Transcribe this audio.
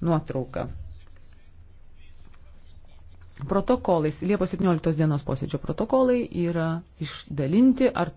nuotrauką. Protokolais, Liepos 17 dienos posėdžio protokolai yra išdalinti, ar